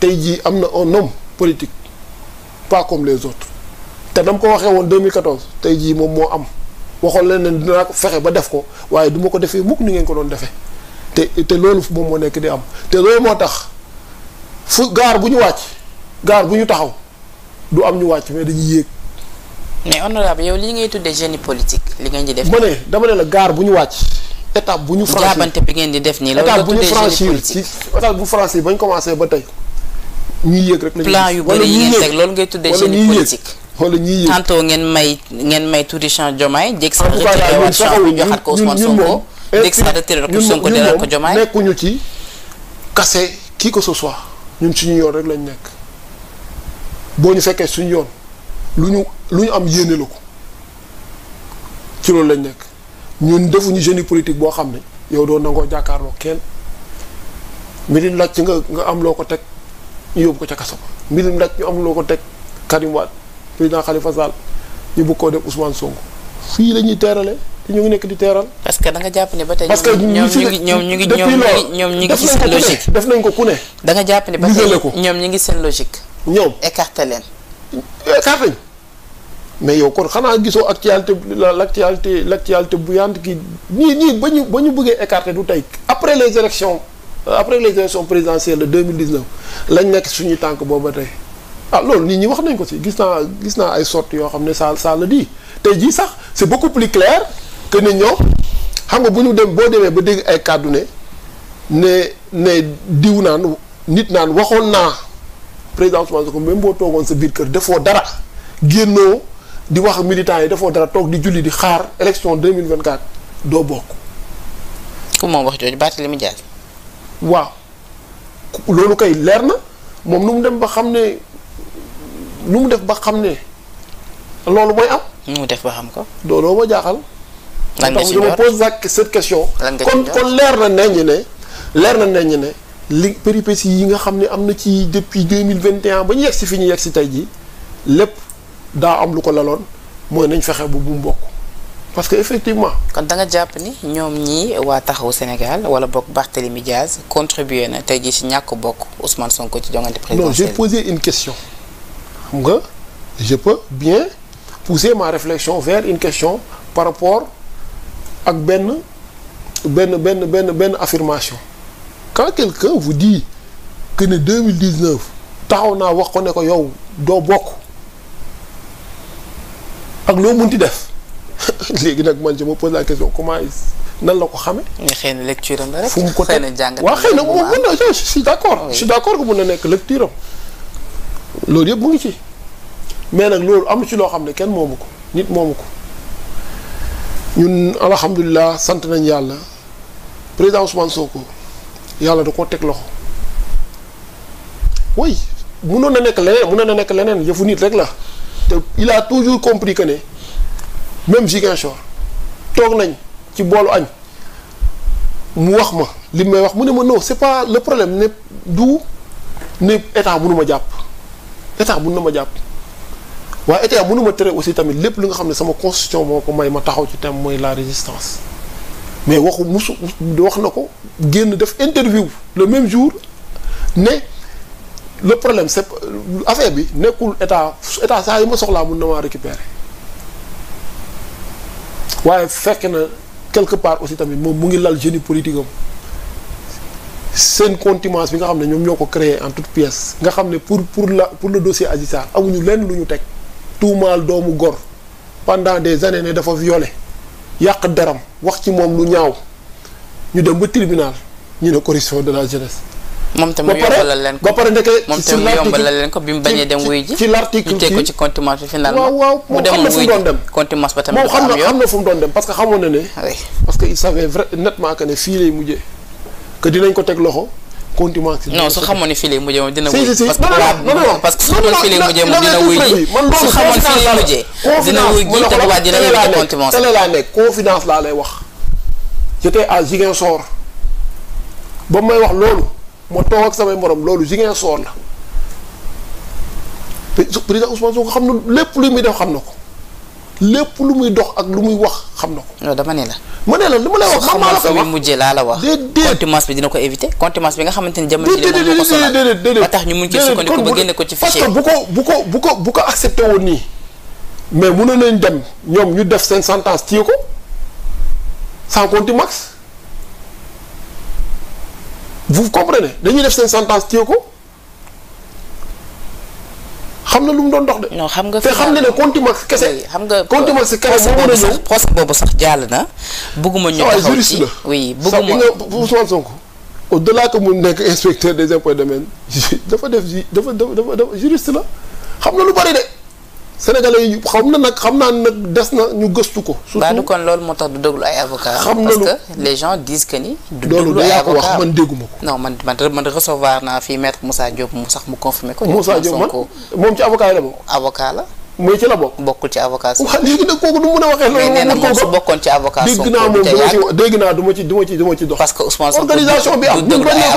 tey jii am na un homme politique pas comme les autres te dama ko waxee woon 2014 tey jii moom moo am waxoon leen ne dinaa ko fexe ba def ko waaye du ma ko defee mukk ni ngeen ko doon defee te te loolu moom moo nekk di am te loolu moo tax fu gaar bu ñu wàcc gaar bu ñu taxaw du am ñu wàcc mais dañuy yéeg. mais honorable yow li ngay tuddee génie politique li ngeen di def. ma ne dama ne la gaar bu ñu wàcc. étape bu ñu franchir jaabante bi ngeen di def nii. loolu la tuddee génie politique bu ñu franchir ci étape bu commencé ba tey. ñu yéeg rek. nañu plan yi ngeen teg loolu ngay tuddee génie politique wala ñuy ngeen may ngeen may tuuti Champ Diomaye. jég sa retiré waat Champ bi joxaat ko ko Sonko delal ko Diomaye nekkuñu ci kase kii que ce soit ñun suñu yoon rek lañu nekk boo ñu fekkee suñu yoon lu ñu lu ñu am yéene la ko ci loolu lañ nekk ñun defuñu génie politique boo xam ne yow doo nangoo jàkkaarloo kenn mi di ci nga nga am loo ko teg. ñu yóbbu ko ca kaso ba mbirum nag ñu amuloo ko teg Karim Wade président Khalifa Sall ñu bëgg koo def Ousmane Sonko fii la ñuy teerale te ñu ngi nekk di teeral. parce que da nga jàpp ne ba tey. parce que ñoom ñu ngi ñoom ñu ngi seen logique. def nañ ko ku da nga jàpp ne ba tey ñoom ñu ngi seen logique. ñoom écarté leen. écarté eh, mais yow kon xanaa gisoo actualité la l' actualité l' actualité bouillante kii ñii ñii ba ñu ba ñu bëggee écarté du tey après les élections Euh, après les élections présidentielles de 2019 lañ nekk suñu tànk booba tey ah loolu nit ñi wax nañ ko si gis naa gis naa ay sorties yoo xam ne ça ça le dit tey jii sax c'est beaucoup plus clair que ne ñoom xam nga bu ñu dem boo demee ba dégg ay kàddu ne ne ne diw naan nit naan waxoon naa président Ousmane Sonko même boo toogoon sa biir kër dafoo dara génnoo di wax militants yi defoo dara toog di julli di xaar élection 2024 doo bokk. ku moom wax jooju Barthélémy Dias waaw loolu kay leer na moom nu mu dem ba xam ne lu mu def ba xam ne loolu mooy am. nu mu def ba xam ko. looloo ma jaaxal. lan nga si door pose cette question. kon kon leer na nañu ne. leer na nañu ne li péripéties yi nga xam ne am na ci depuis deux mille vingt et ba ñu yegg si fi ñu yegg si tey jii lépp daa am lu ko laloon mooy nañ fexe bu mu bokk. parce que effectivement. kon danga jàpp ni ñoom ñii waa taxawu Sénégal wala bokk Barthélemy Diaz contribué na tey jii ci ñàkk bokk Ousmane Sonko ci joŋante présidentielle. non j'ai posé une question xam nga je peux bien pousser ma réflexion vers une question par rapport ak benn benn benn benn benn affirmation quand quelqu'un vous dit que taxaw naa wax ko ne ko yow doo bokk ak loo mënti def. léegi nag man je moo pose la question comment nan la ko xamee. mais xëy na lecture am la fu mu ko xëy na jàngat waaw xëy na moom mën na je suis d' nekk lecture am loolu yëpp mu ngi ci mais nag loolu am ci loo xam ne kenn moomu ko nit moomu ko ñun sant nañ yàlla président Ousmane Sonko yàlla da koo teg loxo oui mënoon na nekk leneen mënoon na nekk leneen yëfu nit rek la te il a toujours compris que ne. même Ziguinchor toog nañ ci boolu añ mu wax ma li may wax mu ne ma non c'est pas le problème ne du ne état mënu ma jàpp état mun na ma jàpp waaye état mënu ma tere aussi tamit lépp li nga xam ne sama constitution moo ko may ma taxaw ci thème mooy la résistance mais waxu musu wax na ko génn def interview le même jour ne le problème c'est affaire bi nekkul état état saa yi ma soxlaa mun na maa récupérer waaye fekk na quelque part aussi tamit moom mu ngi lal génie politique am seen contumace bi nga xam ne ñoom ñoo ko créer en toute pièce nga xam ne pour pour la pour le dossier Adji Sarr amuñu lenn lu ñu teg tuumaal doomu gor pendant des années ne dafa violé yàq deram wax ci moom lu ñaaw ñu dem ba tribunal ñu ne corruption de la jeunesse moom tamit yombalal leen ko ba pare ndeke moom tamit yombalal leen ko bi mu bañee dem wuy ji ci l'article teg ko ci contumace bi finalement waaw waaw mu dem wuy ji contumace ba tamit moom xam na xam na fu mu doon dem parce que xamoon na ne parce que il savait vrai nettement que ne fii lay mujjee que dinañ ko teg loxo contumace non su xamoon ne fii lay mujjee moom dina wuy ji parce que parce que su doon fii lay mujjee moom dina wuy ji su xamoon fii lay mujjee dina wuy ji te waa dina wuy contumace tele laa nekk confidence laa lay wax j'étais à Ziguinchor ba may wax loolu ma toog ak samay morom loolu Ziguinchor la président Ousmane Sonko xam na lépp lu muy def xam na ko lépp lu muy dox ak lu muy wax xam na ko. non dama ne la. ma ne la li ma lay wax man maa la ko wax mujjee laa la wax. déedéet contumace bi dina ko éviter contumace bi nga xamante ni jamono ji moom moo ko sonal ba tax ñu mun ci sukkandiku ba génne ko ci fichier parce que bu ko bu ko bu ko bu ko accepté woon nii mais mënoon nañ dem ñoom ñu def seen sentence téye ko sans contumace. vous comprenez dañuy def seen sentence téye ko xam na lu mu doon dox de. non xam nga te xam ne ne contumace kese. xam nga contumace kese moo a ñëw procès boobu sax jàll na. bëgguma ñu ah taxaw ci juriste la. oui bëgguma sax nga Ousmane Sonko. au delà que mu nekk inspecteur des impôts et domaines dafa def dafa dafa dafa juriste la xam na lu bari de. sénégalais yi xam na nag xam naa nag des na ñu gëstu ko. surtout ba du kon loolu moo tax du déglu ay avocat xam na lu parce que les gens disent que ni. du déglu ay avocat loolu wax man dégguma ko. non man recevoir naa fii maître Moussa Diop mu sax mu confirmer ko. Moussa Diop man moom ci avocat yi la bokk. avocat la. mooy ci la bokk. bokkul ci avocat Sonko. waaw léegi nag kooku du mu a waxee loolu. na moom su bokkoon ci avocat dégg naa moom ma ci dégg naa du ma ci du ci du ci dox. parce bi am. du dëgg bañ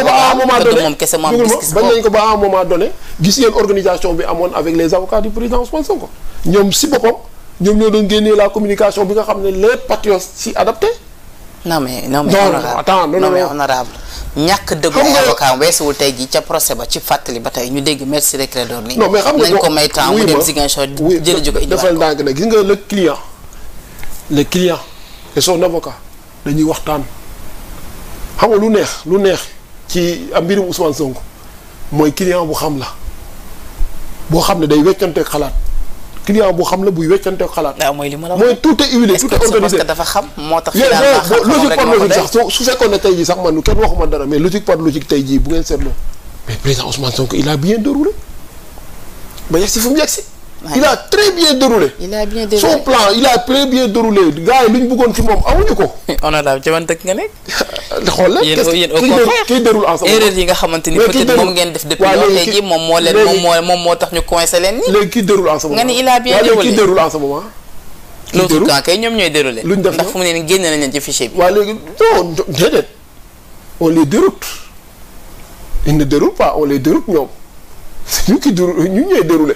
ko ba à un moment gis ngeen organisation bi amoon avec les avocats du président ñoom si boppam ñoom ñoo doon génnee la communication bi nga xam ne les patriotes si adapté non mais non mais honorable non mais honorable ñàkk dëggu avocat weesuwul tey jii ca procès ba ci fàttali ba tey ñu dégg merci Récré ni nii. non mais xam nga nañ ko may temps mu dem Ziguinchor jëli jóg defal ndànk nag gis nga le client le client et son avocat dañuy waxtaan xam lu neex lu neex ci mbirum Ousmane sonk mooy client bu xam la boo xam ne day weccante xalaat. client bu xam la buy weccante xalaat. waaw mooy li ma la wax mooy tout est sax su fekkoon ne tey jii sax man kenn waxuma dara mais logique par logique tey jii bu ngeen seetloo mais président Ousmane Sonko il a bien déroulé ba yegsi fu yegsi il a très bien déroulé. il a a très bien déroulé gars yi lu ñu moom amuñu ko. on a daal jabanteeg nga nekk. xool la kii déroule en erreur yi nga xamante ni peut-être moom def. depuis loolu moo moo moom moo tax ñu coincé leen a bien déroulé kay ñoom ñooy déroulé. luñ def ndax fu mu ne nii génne nañ leen ci fichier bi. waaw léegi non déedéet on les déroute ñu ñooy déroulé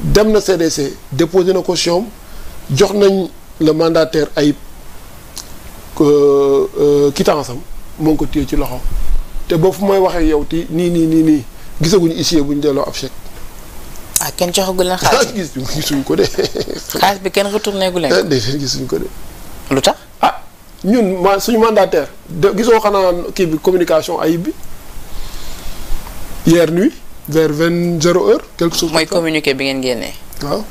dem na CDC déposé na caution jox nañ le mandataire ay euh, quittance am moo ngi ko téye ci loxo te ba fu may waxee yow ti nii nii nii nii gisaguñu huissier bu ñu delloo ab chèque. ah kenn joxagul leen xaalis bi gisuñ ko de. xaalis bi kenn retourné gu leen. Ah, déedéet gisuñ ko de. lu tax ah ñun ma suñu mandataire de gisoo xanaa kii bi communication ayib bi hier nuit. vers vingt mooy communiqué bi ngeen génnee. waaw.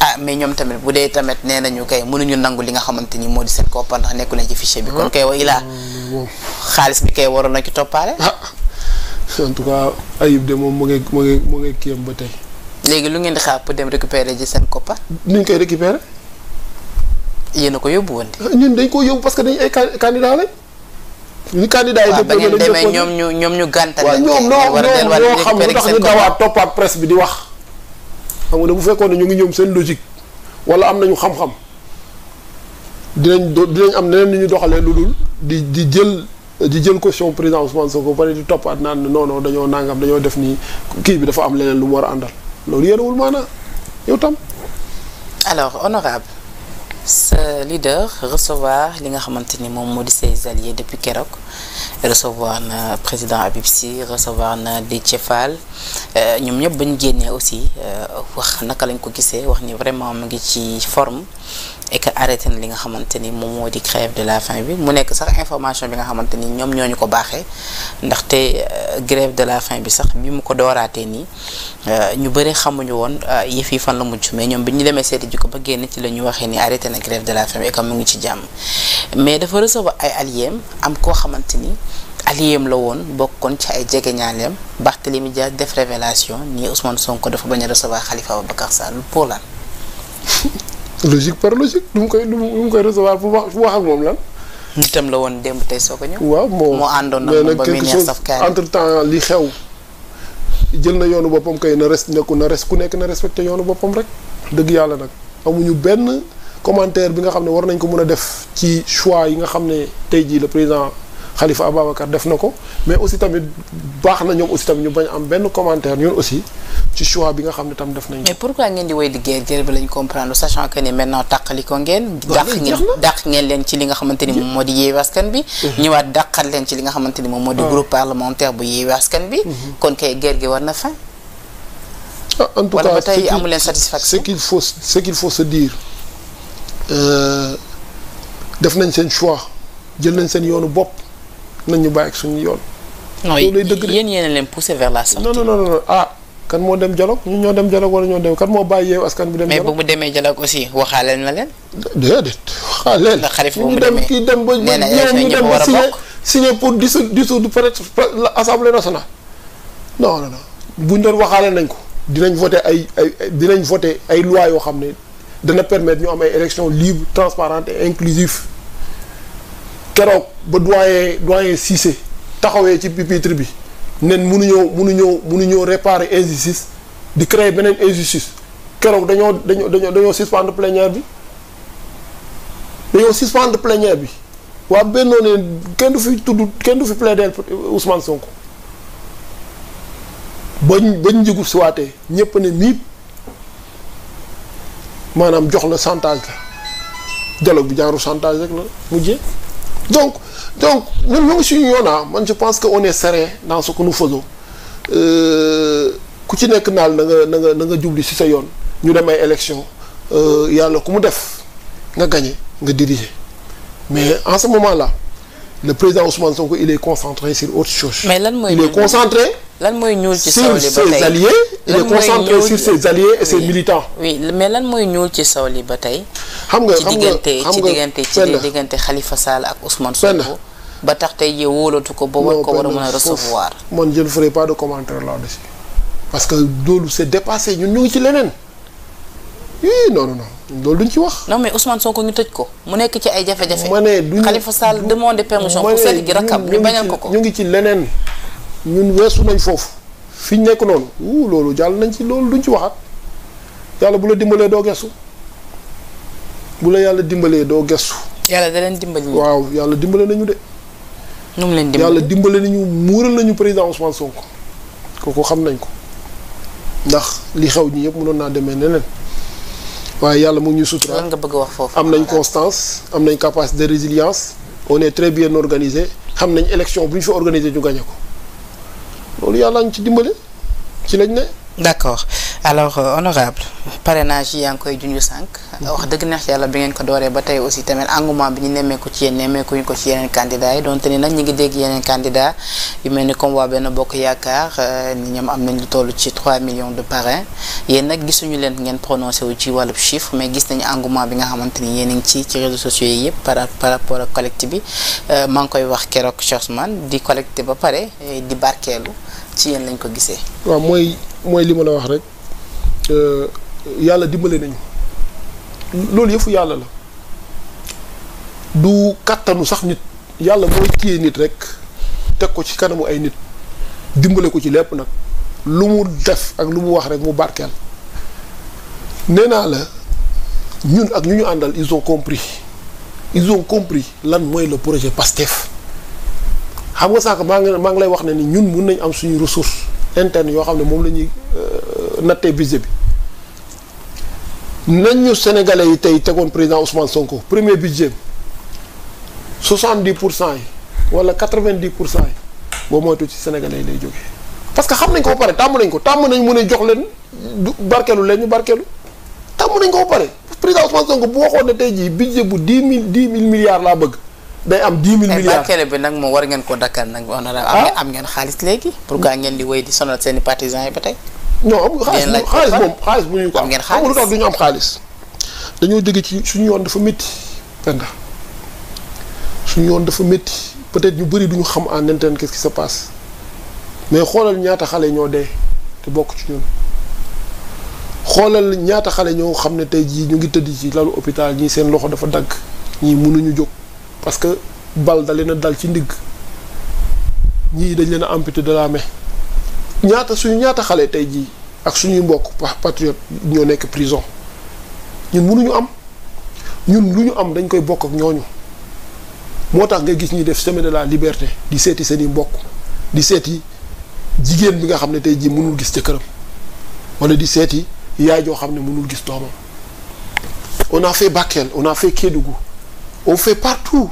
ah mais ñoom tamit bu dee tamit nee nañu kay mënuñu nangu li nga xamante ni moo di seen koppar ndax nekku leen ci fichier bi. kon kay wa ilaa ah, xaalis bi kay waroon na ci toppaale. Ah, en tout moom mu ngi léegi lu ngeen di xaar pour dem récupérer ji seen koppar. ni ñu koy récupérer. yéen ko yóbbu woon de. Ah, ñun dañ ko yóbbu parce que dañ ay candidats ñi candidat yi dëppoo demee ñoom ñu ñoom ñu gàntal waaw ñoom noo ñoom ñoo xam lu tax ñu dawaat toppaat presse bi di wax xam nga bu fekkoon ne ñu ngi ñoom seen logique wala am nañu xam-xam dinañ do dinañ am neneen ni ñu doxalee lu dul di di jël di jël caution président Ousmane Sonko pare di toppaat naan non non dañoo nangam dañoo def nii kii bi dafa am leneen lu mu war a àndal loolu yéenewul maanaa yow tam alors sa leader recevoir li nga xamante ni moom moo di ses alliés depuis keroog recevoir na président Habib Sy recevoir na di Fall euh, ñoom ñëpp ba ñu génnee aussi euh, wax naka lañ ko gisee wax ni vraiment mu ngi ci forme et que arrêté na li nga xamante ni moom moo di grève de la faim bi mu nekk sax information bi nga xamante ni ñoom ñoo ñu ko baaxee ndaxte euh, grève de la faim bi sax bi mu ko dooraatee nii euh, ñu bëri xamuñu woon euh, yëf yi fan la mujj mais ñoom bi ñu demee seeti ji ko ba génn ci la ñu waxee ni arrêté na grève de la faim bi et que mu ngi ci jàmm mais dafa recevoir ay alliés am koo xamante ni. aliyem la woon bokkoon ci ay jegeñaaleem Barthélémy Dias def révélation ni Ousmane Sonko dafa bañ a recevoir Khalifa Ababacar Sall pour lan logique par logique du mu koy du mu koy recevoir fu wax fu wax ak moom la lan. nitam la woon démb tey soo ko ñëw. waaw moo moo àndoon na moom ba entre temps li xew jël na yoonu boppam kay na res nekku na res ku nekk na respecté yoonu boppam rek. dëgg yàlla nag amuñu benn commentaire bi nga xam ne war nañ ko mën a def ci choix yi nga xam ne tey jii le président. Khalifa Ababacar def na ko mais aussi tamit baax na ñoom aussi tamit ñu bañ am benn commentaire ñun aussi ci choix bi nga xam ne tam def nañu. mais pourquoi ngeen di woy di guerre guerre bi lañ comprendre sachant que ni maintenant tàqali ko ngeen. ngeen leen ci li nga xamante ni moom moo di Yewwi bi. Mhm. ñëwaat dàqal leen ci li xamante ni moom moo di. groupe parlementaire bu Yewwi Askan bi. Mhm. kon kay gi war na fin. Ah, en tey amu leen satisfaction ce qu'il faut ce qu'il faut se dire euh, def nañ seen choix jël nañ seen yoonu bopp. nañ ñu bàyyi ak suñu yoon. loolu lay dëgg de yéen yéen leen poussé vers la sortie. non non non ah, moo dem dialogue ñoo dem dialogue wala ñoo dem kan moo bàyyi yeewu askan bi dem dialogue mais demee dialogue aussi waxaaleel na leen. déedéet waxaaleel. ndax xarit bu mu demee kii dem ba ñoom ñu dem ba signé signé pour dissoudre peut-être assemblée nationale. non non non buñ doon waxaale nañ ko dinañ voté ay ay dinañ voté ay loi yoo xam ne dana permettre ñu am ay élections libres transparentes et keroog ba doyen doyen Cissé taxawee ci pupitre bi ñëw nen mënuñoo mënuñoo mënuñoo réparer injustice di créer beneen injustice keroog dañoo dañoo dañoo dañoo suspendre plénière bi dañoo suspendre plénière bi waa bennoo kenn du fi tudd kenn du fi plaider Ousmane Sonko bañ bañ njëgu si waatee ñépp ne miit maanaam jox la chantage la dialogue bi jaaru chantage rek la mujjee donc donc ñun ñu ngi suñu yoon man je pense que on sere serein dans ce que nous euh, ku ci nekk naal na na na nga jubli si sa yoon ñu dem ay élection euh, yàlla ku mu def nga gagné nga diriger mais en ce moment là le président Ousmane Sonko il est concentré sur autre chose. lan mooy il est concentré. lan mooy ñuul ci sawli ba tey sur ses alliés. il est concentré sur ses alliés et ses militants. mais lan mooy ñuul ci sawli ba tey. xam nga xam nga ci diggante ci diggante Khalifa Sall ak Ousmane Sonko ba tax tey jii wóolatu ko ba war ko war a mën a recevoir. man je ne ferai pas de commentaire là-dessus parce que loolu c'est dépassé ñun ñu ngi ci leneen. oui non non non loolu duñ ci wax. non mais Ousmane Sonko ñu tëj ko mu nekk ci ay jafe-jafe. ma ne duñ Khalifa Sall demande permission pour seeti ji rakam ñu bañal ko ko ñu ngi ci leneen ñun weesu nañ foofu fi ñu nekk noonu wuu loolu jàll nañ ci loolu duñ ci waxaat yàlla bu la dimbalee doo gesu bu la yàlla dimbalee doo gestu. yàlla da leen dimbali. waaw yàlla dimbale nañu de. nu mu leen dimbali yàlla dimbale nañu muural nañu président Ousmane Sonko kooku xam nañ ko ndax li xew ñi yëpp mënoon naa demee neneen waaye yàlla mu ñu ñuy sutura. nga bëgg wax foofu. am nañ constance am nañ capacité de résilience on est très bien organisé xam nañ élection bu ñu fi organisé ñu gagné ko loolu yàlla ñu ci dimbale ci lañ ne. d'accord. alors euh, honorable parrainage yi yaa ngi koy junj sànq. wax dëgg neex yàlla bi ngeen ko dooree ba tey aussi tamit engouement bi ñu nemmeeku ci yéen nemmeekuñu ko ci yeneen candidats yi donte ni nag ñu ngi dégg yeneen candidat yu mel ni comme waa benn bokk yaakaar euh, ni ñoom am nañ ñu toll ci 3 millions de parrains yéen nag gisuñu leen ngeen prononcé wu ci wàllub chiffre mais gis nañu engouement bi nga xamante ni yéen a ngi ci ci réseaux sociaux yi yëpp par par rapport ak collecte bi euh, maa ngi koy wax keroog Chosman di collecté ba pare di barkeelu ci yéen lañ ko gisee. waaw mooy li ma la wax rek. Euh, yàlla dimbale nañu loolu yëfu yàlla la du kàttanu sax nit yàlla mooy téye nit rek teg ko ci kanamu ay nit dimbale ko ci lépp nag lu mu def ak lu mu wax rek mu barkeel nee naa la ñun ak ñu ñu àndal ils ont compris ils ont compris lan mooy le projet PASTEF xam nga sànq maa ngi maa ngi lay wax ne ni ñun mun nañ am suñu ressource interne yoo xam ne moom la ñuy euh, nattee budget bi nañ ñu sénégalais yi tey tegoon président Ousmane Sonko premier budget bi soixante dix pour cent yi wala quatre vingt dix pour cent yi boo moytu ci sénégalais yi lay jógee. parce que xam nañ ko ba pare tàmm nañ ko tàmm nañ mën a jox leen du barkeelu leen ñu barkeelu tàmm nañ ko pare président Ousmane Sonko bu waxoon ne tey jii budget bu dix mille dix mille milliards laa bëgg. day am dix mille eh, milliards bi nag moom war ngeen ko dakkal nag. Ah. am ngeen xaalis léegi. seen i partisans yi non amul xaalis xaalis moom xaalis bu ñu ko am amul tax du ñu am xaalis dañoo jóge ci suñu yoon dafa métti penda suñu yoon dafa métti peut-être ñu bëri duñu xam en interne qu'est-ce qui se passe mais xoolal ñaata xale ñoo dee te bokk ci ñun xoolal ñaata xale ñoo xam ne tey jii ñu ngi tëdd ci lalu hôpital ñii seen loxo dafa dagg ñii mënuñu jóg parce que bal da leen a dal ci ndigg ñii dañ leen a amputé de la main ñaata suñu ñaata xale tey jii ak suñuy mbokk patriote ñoo nekk prison ñun munuñu am ñun lu ñu am dañ koy bokk ak ñooñu moo tax nga gis ñi def semaine de la liberté di seeti seen i mbokk di seeti jigéen bi nga xam ne tey jii mënul gis ca këram wala di seeti yaay joo xam ne mënul gis doomam on a fait Bakel on a fait Kédougou on fait partout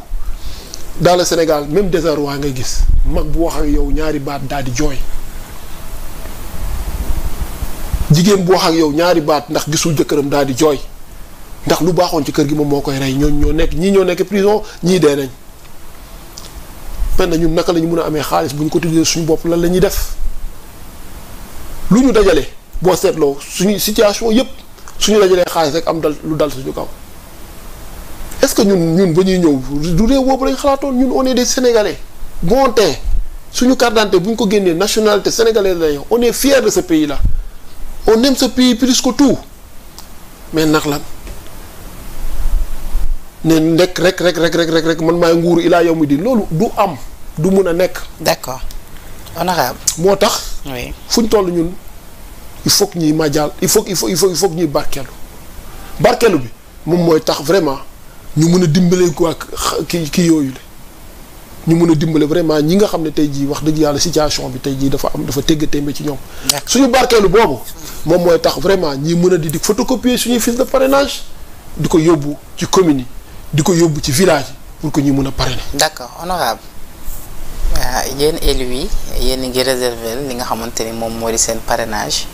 dans le Sénégal même désarroi ngay gis mag bu wax ak yow ñaari baat daal di jooy jigéen bu wax ak yow ñaari baat ndax gisul jëkkëram daal di jooy ndax lu baaxoon ci kër gi moom moo koy rey ñooñ ñoo nekk ñii ñoo nekk prison ñii dee nañ mel na ñun naka lañu mun a amee xaalis bu ñu ko tuddee suñu bopp lan la ñuy def lu ñu dajale boo seetloo suñu situation yépp suñu dajalee xaalis rek am dal lu dal suñu kaw est-ce que ñun ñun ba ñuy ñëw du réew boobu lañ xalaatoon ñun on est des sénégalais bon suñu carte d'identité bu ñu ko génnee nationalité sénégalaise la on est fier de ce pays là. on aime sa pays plus ko tout mais nax la ne nekk rek rek rek rek rek rek man maay nguuru ilaa yow mi di loolu du am du mun a nekk. d'accord honorable moo tax. oui fu ñu toll ñun il faut que ñuy majaal il faut il faut il faut il que ñuy barkeelu barkeelu bi moom mooy tax vraiment ñu mun a dimbalee ko ak ki kii yooyu la ñu mën a dimbale vraiment ñi nga xam ne tey jii wax dëgg yàlla situation bi tey jii dafa am dafa tégg témbe ci ñoom suñu barkeelu boobu moom mooy tax vraiment ñi mën a di di photocopier su ñu de parrainage di ko yóbbu ci commune yi di ko yóbbu ci village yi pour que ñu mën a parrainer d'accord honorable ah, yéen élu yi yéen ngi réserver li nga xamante ni moom moo di seen parrainage